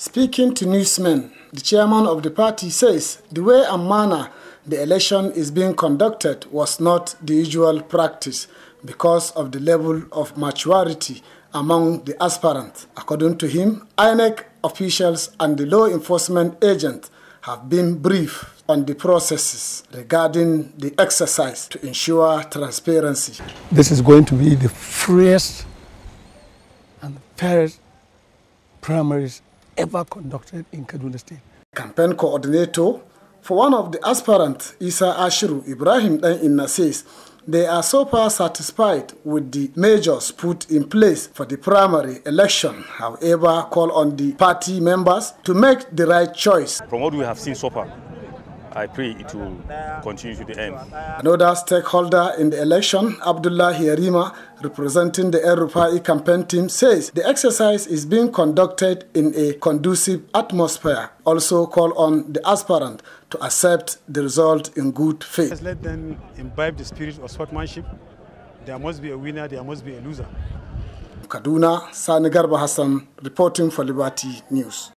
Speaking to newsmen, the chairman of the party says the way and manner the election is being conducted was not the usual practice because of the level of maturity among the aspirants. According to him, INEC officials and the law enforcement agents have been briefed on the processes regarding the exercise to ensure transparency. This is going to be the freest and fairest primaries ever conducted in Kaduna State. Campaign coordinator for one of the aspirants, Isa Ashiru Ibrahim Inna says they are so far satisfied with the measures put in place for the primary election. However, call on the party members to make the right choice. From what we have seen so far, I pray it will continue to the end. Another stakeholder in the election, abdullah Yarima, representing the El Rufai campaign team, says the exercise is being conducted in a conducive atmosphere. Also, call on the aspirant to accept the result in good faith. Let them imbibe the spirit of sportsmanship. There must be a winner, there must be a loser. Kaduna, Sani Garba Hassan, reporting for Liberty News.